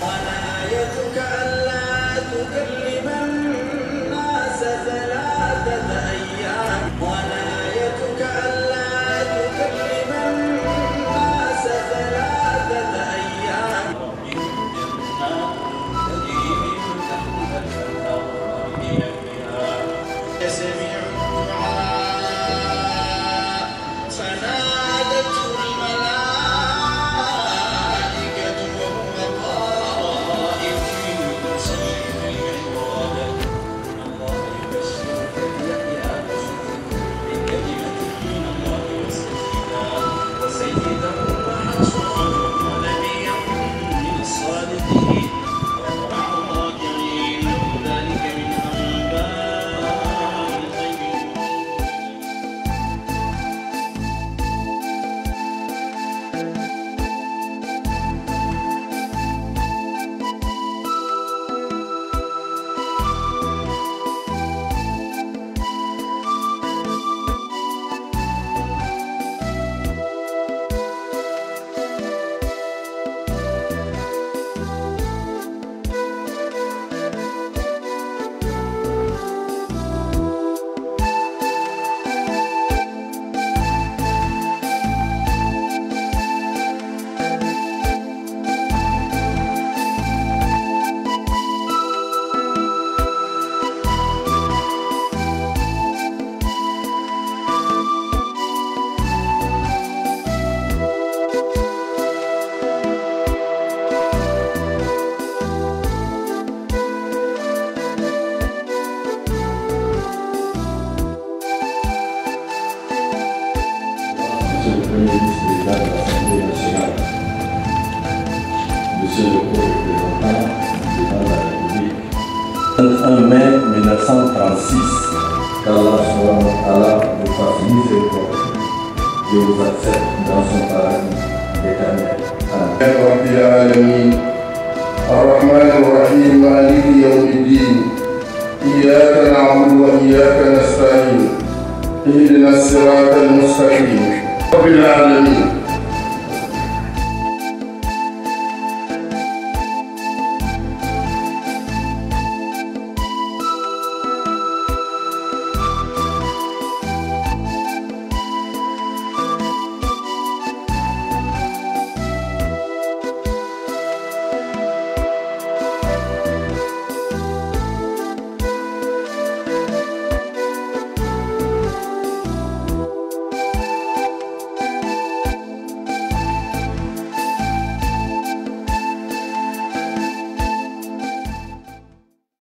ولا يتك ألا تكلم Monsieur le Premier ministre de l'État de l'Assemblée nationale, Monsieur le représentant du de la République, 21 mai 1936, qu'Allah soit Allah vous facilite ses corps. Dieu vous accepte dans son paradis éternel. Amen. الرحمن الرحيم مالك يوم الدين إياك نعبد وإياك نستعين اهدنا الصراط المستقيم Rabbil Alameen.